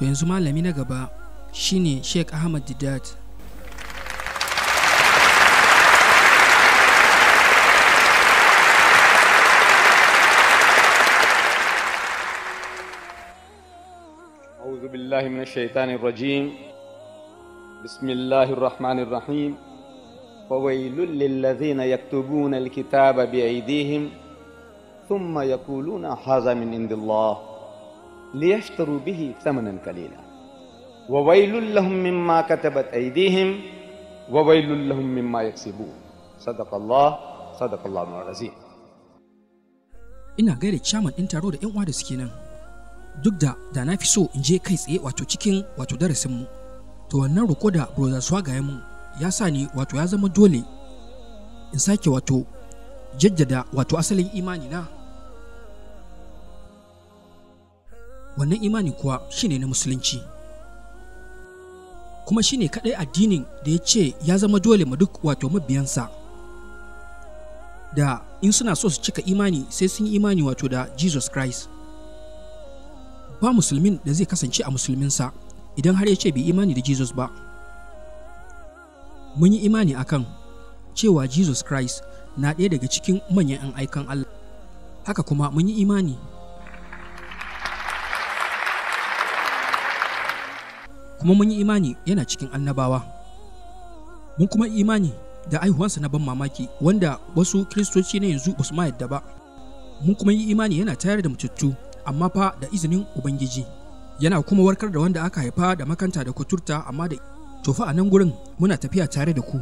to yanzu malami na gaba shine sheikh ahmad didat أعوذ بالله من الشيطان الرجيم بسم الله الرحمن الرحيم فويل للذين يكتبون الكتاب بأيديهم ثم يقولون هذا من عند الله ليشتروا به ثمنا قليلا وويل لهم مما كتبت katabat وويل لهم مما يكسبون صدق الله صدق الله العظيم ina gaida chairman din taro da yan uwa da suke nan duk da da na fi so in je kai tsaye wato cikin wato darasin mu to wannan roko da brother ya mu ya sa ni wato ya zama dole in sake wato jaddada wato asalin imani na wannan imani kuwa shine na musulunci kuma shine kadai addinin da ya ce ya zama dole ma duk wato mabiyansa da in suna so su cika imani sai sun yi imani wato da jesus christ ba musulmin da zai kasance a musulminsa idan har ya ce bai imani da jesus ba mun yi imani akan cewa jesus christ na ɗaya daga cikin manyan 'yan aikan allah haka kuma mun yi imani kuma mun yi imani yana cikin annabawa mun kuma imani da aihuwansa na ban mamaki wanda wasu kiristoci na yanzu ba su ma yadda ba mun kuma yi imani yana tayar da mutattu amma fa da izinin ubangiji yana kuma warkar da wanda aka haifa da makanta da kuturta amma da tofa a nan gurin muna tafiya tare da ku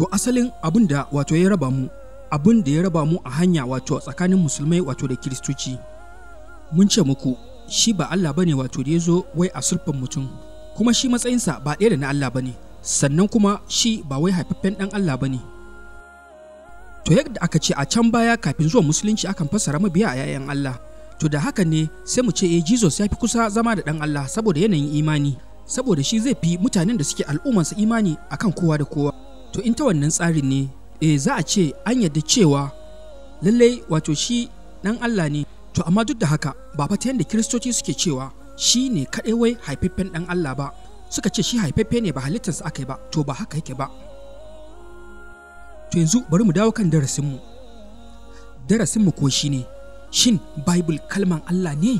to asalin abin da wato ya raba mu abin da ya raba mu a hanya wato tsakanin musulmai wato da kiristoci mun ce muku shi ba Allah bane wato da ya zo wai a sulfan mutum kuma shi matsayinsa ba ɗaya da na Allah ba ne sannan kuma shi ba wai haifaffen ɗan Allah ba ne to yadda aka ce a can baya kafin zuwa musulunci akan fassara mabiya a 'ya'yan Allah to da haka ne sai mu ce eh Jesus ya fi kusa zama da ɗan Allah saboda yanayin imani saboda shi zai fi mutanen da suke al'ummarsa imani akan kowa da kowa to in ta wannan tsarin ne e, za a ce an yadda cewa lallai wato shi ɗan Allah ne to amma duk da haka ba fata yadda kiristoci suke cewa shi ne kaɗai wai haifaffen ɗan Allah ba suka ce shi haifaffe ne ba halittarsa aka yi ba to ba haka yake ba to yanzu bari mu dawo kan darasinmu darasinmu ko shi ne shin bible kalman Allah ne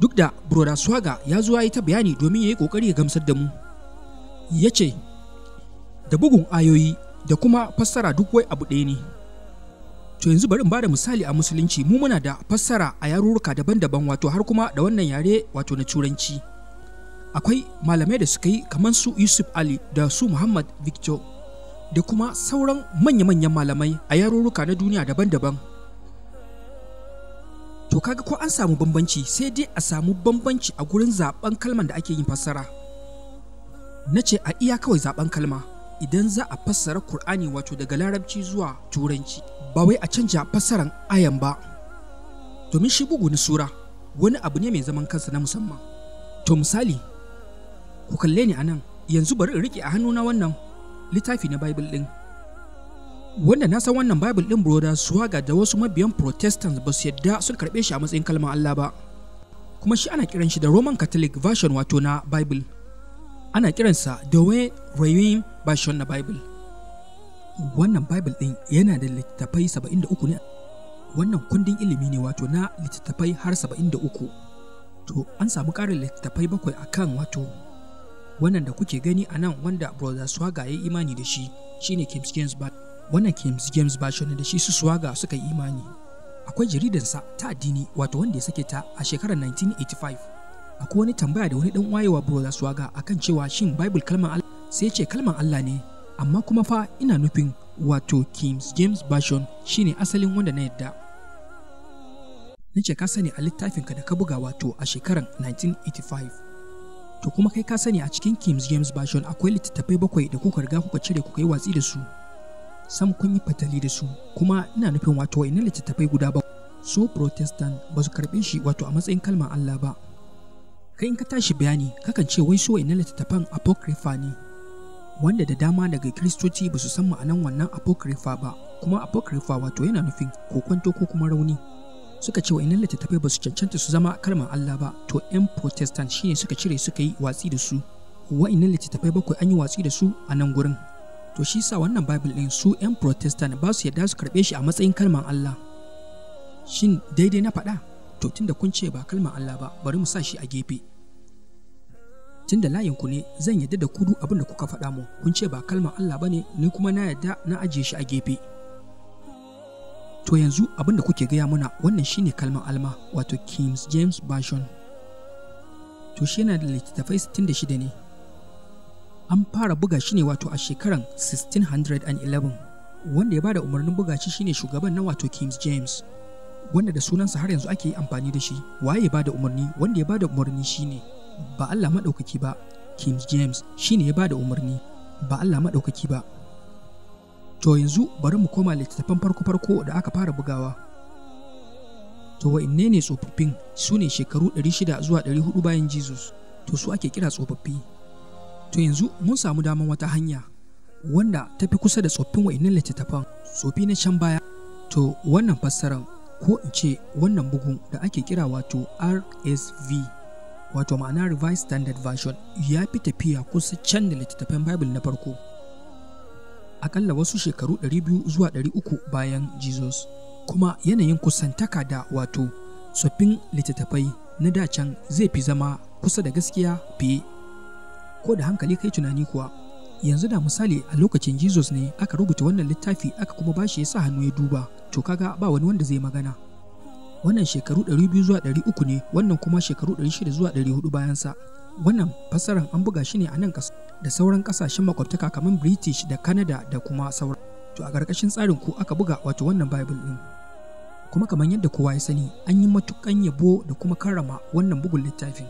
duk da broda swaga ya zuwa yi ta bayani domin ya yi ƙoƙari ya gamsar da mu ya ce da bugun ayoyi da kuma fassara duk wai abu ɗaya ne to yanzu bari in bada misali a musulunci mu muna da fassara a yarurruka daban-daban wato har kuma da wannan yare wato na turanci akwai malamai da suka yi kamar su yusuf ali da su muhammad victor da kuma sauran manya-manyan malamai a yarurruka na duniya daban-daban to kaga ko an samu bambanci sai dai a samu bambanci a gurin zaben kalman da ake yin fassara na ce a iya kawai zaben kalma idan za a fassara Kur'ani wato daga larabci zuwa turanci ba wai a canja fassaran ayan ba domin shi bugu na sura wani abu ne mai zaman kansa na musamman to misali ku kalle ni anan yanzu bari in rike a hannuna wannan littafi na bible din wanda na san wannan bible din broda suwaga da wasu mabiyan protestants ba su yadda sun karbe shi a matsayin kalmar Allah ba kuma shi ana kiran shi da roman catholic version wato na bible ana kiransa the way Reim ba shi wannan bible wannan bible din yana da littattafai 73 ne wannan kundin ilimi ne wato na littattafai har 73 to an samu ƙarin littattafai bakwai akan wato wannan da kuke gani a nan wanda brother swaga ya yi imani da shi shine kims James ba wannan Games ba shi da shi su swaga suka yi imani akwai jaridansa ta addini wato wanda ya sake ta a shekarar 1985 akwai wani tambaya da wani dan wayewa brother swaga akan cewa shin bible kalmar Allah sai ce kalmar Allah ne amma kuma fa ina nufin wato King James Version shine asalin wanda na yadda. Na ce ka sani a littafinka da ka buga wato a shekarar 1985. To kuma kai ka sani a cikin King James Version akwai littattafai bakwai da kuka riga kuka cire kuka yi watsi da su. Sam kun yi fatali da su kuma ina nufin wato wa'ina littattafai guda ba. So Protestant ba su karɓe shi wato a matsayin kalmar Allah ba. Kai in ka tashi bayani kakan ce wai so wa'ina littattafan apocrypha ne wanda da dama daga kiristoci ba su san ma'anan wannan apocrypha ba kuma apocrypha wato yana nufin kokwanto ko kuma rauni suka ce wa'innan littattafai ba su cancanta su zama kalmar Allah ba to 'yan protestant shine suka cire suka yi watsi da su wa'innan littattafai bakwai an yi watsi da su a nan gurin to shi sa wannan bible ɗin su 'yan protestant ba su yarda su karɓe shi a matsayin kalmar Allah shin daidai na faɗa to tunda kun ce ba kalmar Allah ba bari mu sa shi a gefe tun da layin ku ne zan yadda da kudu abin da kuka faɗa mu kun ce ba kalmar Allah ba ne, ni kuma na yadda na ajiye shi a gefe to yanzu abin da kuke gaya muna wannan shine kalmar alma wato King James Version to shi yana da littattafai 66 ne an fara buga shi ne wato a shekaran 1611 wanda ya bada umarnin buga shi shine shugaban na wato King James wanda da sunansa har yanzu ake amfani da shi waye ya da umarni wanda ya bada umarni shine ba Allah maɗaukaki ba King James shine ya ba da umarni ba Allah maɗaukaki ba to yanzu bari mu koma littattafan farko-farko da aka fara bugawa to wa'inne ne tsofaffin su ne shekaru 600 zuwa ɗari 400 bayan jesus to su ake kira tsofaffi to yanzu mun samu daman wata hanya wanda ta fi kusa da tsoffin wa'innan littattafan tsofi na can baya to wannan fassaran ko in ce wannan bugun da ake kira wato rsv wato ma'ana revised standard version ya fi tafiya kusa can da littattafan bible na farko akalla wasu shekaru 200 zuwa 300 bayan jesus kuma yanayin kusantaka da wato tsoffin littattafai na dacan zai fi zama kusa da gaskiya fiye ko da hankali kai tunani kuwa yanzu da misali a lokacin jesus ne aka rubuta wannan littafi aka kuma bashi ya sa hannu ya duba to kaga ba wani wanda zai magana wannan shekaru 200 zuwa 300 ne wannan kuma shekaru 600 zuwa 400 bayan sa wannan fasaran an buga shi ne a nan ƙasa da sauran kasashen makwabtaka kamar british da canada da kuma sauran to a ƙarƙashin tsarin ku aka buga wato wannan bible din kuma kamar yadda kowa ya sani an yi matukan yabo da kuma karrama wannan bugun littafin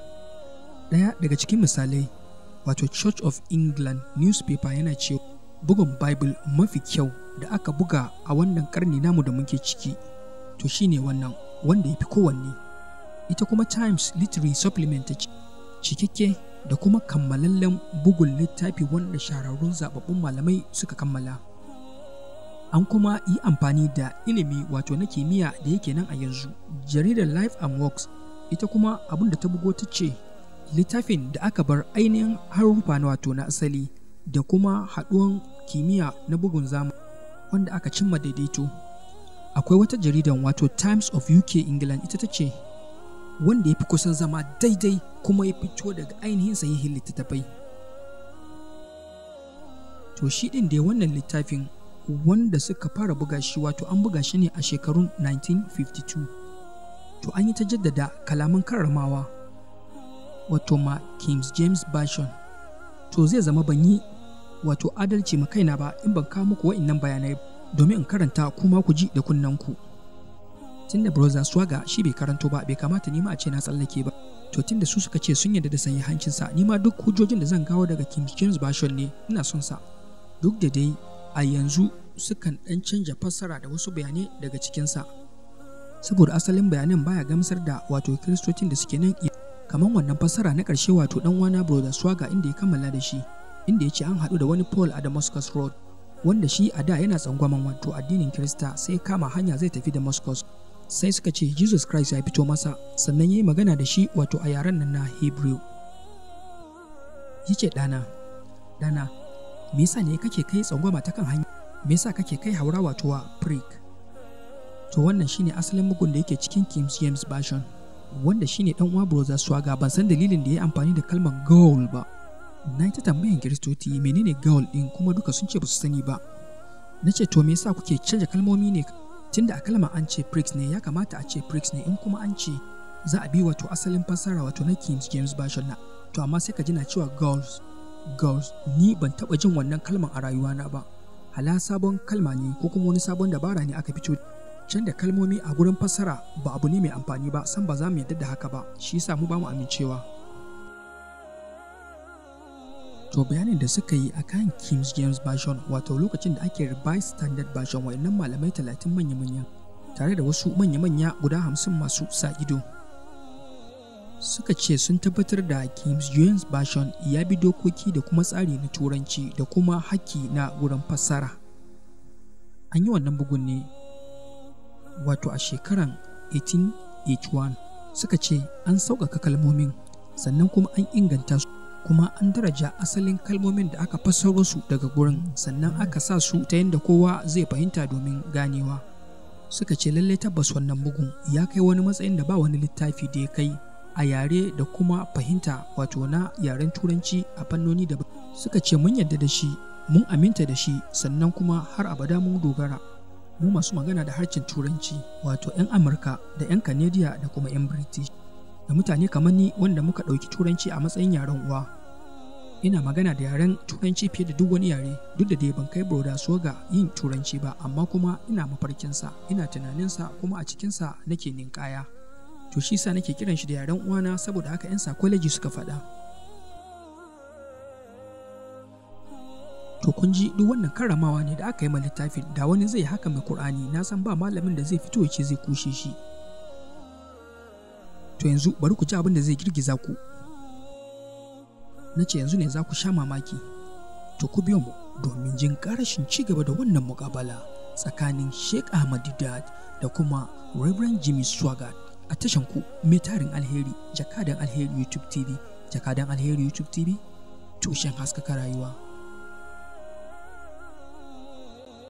ɗaya daga cikin misalai wato church of england newspaper yana cewa bugun bible mafi kyau da aka buga a wannan karni namu da muke ciki to shine wannan wanda ya fi kowanne ita kuma times literary supplement cikakke da kuma kammalallen bugun littafi wanda shahararrun zababbun malamai suka kammala an kuma yi amfani da ilimi wato na kimiyya da yake nan a yanzu jaridar life and works ita kuma abin da ta bugo ta ce littafin da aka bar ainihin harufa na wato na asali da kuma haɗuwan kimiyya na bugun zamani wanda aka cimma daidaito akwai wata jaridan wato times of uk england ita ta ce wanda ya fi kusan zama daidai kuma ya fito daga ainihin sahihin littattafai to shi ɗin dai wannan littafin wanda suka fara buga shi wato an buga shi ne a shekarun 1952 to an yi ta jaddada kalaman karramawa wato ma King James bashon to zai zama ban yi wato adalci ma kaina ba in ban kawo muku nan bayanai domin in karanta kuma ku ji da kunnanku tunda brother swaga shi bai karanto ba bai kamata nima a ce na tsallake ba to tunda su suka ce sun yarda da sanya hancinsa nima duk hujjojin da zan kawo daga King James Version ne ina son sa duk da dai a yanzu sukan dan canja fassara da wasu bayanai daga cikinsa saboda asalin bayanan baya gamsar da wato kiristocin da suke nan kamar wannan fassara na karshe wato dan wana brother swaga inda ya kammala da shi inda ya ce an haɗu da wani paul a damascus road wanda shi a da yana tsangwaman wato addinin Kirista sai kama hanya zai tafi Damascus sai suka ce Jesus Christ ya fito masa sannan ya yi magana da shi wato a yaren nan na Hebrew. Yace ɗana, ɗana, me yasa ne kake kai tsangwama ta kan hanya? Me yasa kake kai haura wato wa prick? To wannan shine asalin mugun da yake cikin King James Version, wanda shine dan uwa Brother Swaga ban san dalilin da ya amfani da kalmar goal ba. na ta tambayan kiristoci menene gaul din kuma duka sun ce ba su sani ba na ce to me yasa kuke canja kalmomi ne tunda a kalma an ce pricks ne ya kamata a ce pricks ne in kuma an ce za a bi wato asalin fassara wato na King James Version na to amma sai ka ji na cewa girls girls ni ban taba jin wannan kalman a rayuwana ba hala sabon kalma ne ko kuma wani sabon dabara ne aka fito canja kalmomi a gurin fassara ba abu ne mai amfani ba san ba za mu yadda da haka ba shi yasa mu ba mu amincewa to bayanin da suka yi akan King James version wato lokacin da ake revised standard version wayannan malamai 30 manya-manya tare da wasu manya-manya guda 50 masu sa ido suka ce sun tabbatar da King James version ya bi dokoki da kuma tsari na turanci da kuma haki na wurin fassara an yi wannan bugun ne wato a shekaran 1881 suka ce an sauƙaƙa kalmomin sannan kuma an inganta su kuma an daraja asalin kalmomin da aka fassaro su daga gurin sannan aka sa su ta yadda kowa zai fahimta domin ganewa suka ce lallai tabbas wannan bugun ya kai wani matsayin da ba wani littafi da ya kai a yare da kuma fahimta wato na yaren turanci a fannoni da suka ce mun yadda da shi mun aminta da shi sannan kuma har abada mun dogara mu masu magana da harshen turanci wato 'yan amurka da 'yan kanadiya da kuma 'yan british da mutane kamar ni wanda muka ɗauki turanci a matsayin yaren uwa ina magana da yaren turanci fiye da duk wani yare duk da dai ban kai broda soga yin turanci ba amma kuma ina mafarkinsa ina tunaninsa kuma a cikinsa nake ninkaya to shi sa nake kiran shi da yaren uwana saboda haka 'yan kwaleji suka faɗa to kun ji duk wannan karramawa ne da aka yi ma littafin da wani zai haka mai kur'ani na san ba malamin da zai fito ya ce zai kushe shi to yanzu bari ku ci abin da zai girgiza ku na ce yanzu ne za ku sha mamaki to ku biyo mu domin jin karashin ci gaba da wannan mukabala tsakanin sheikh ahmad didat da kuma reverend jimmy swaggart a tashan ku mai tarin alheri jakadan alheri youtube tv jakadan alheri youtube tv tushen haskaka rayuwa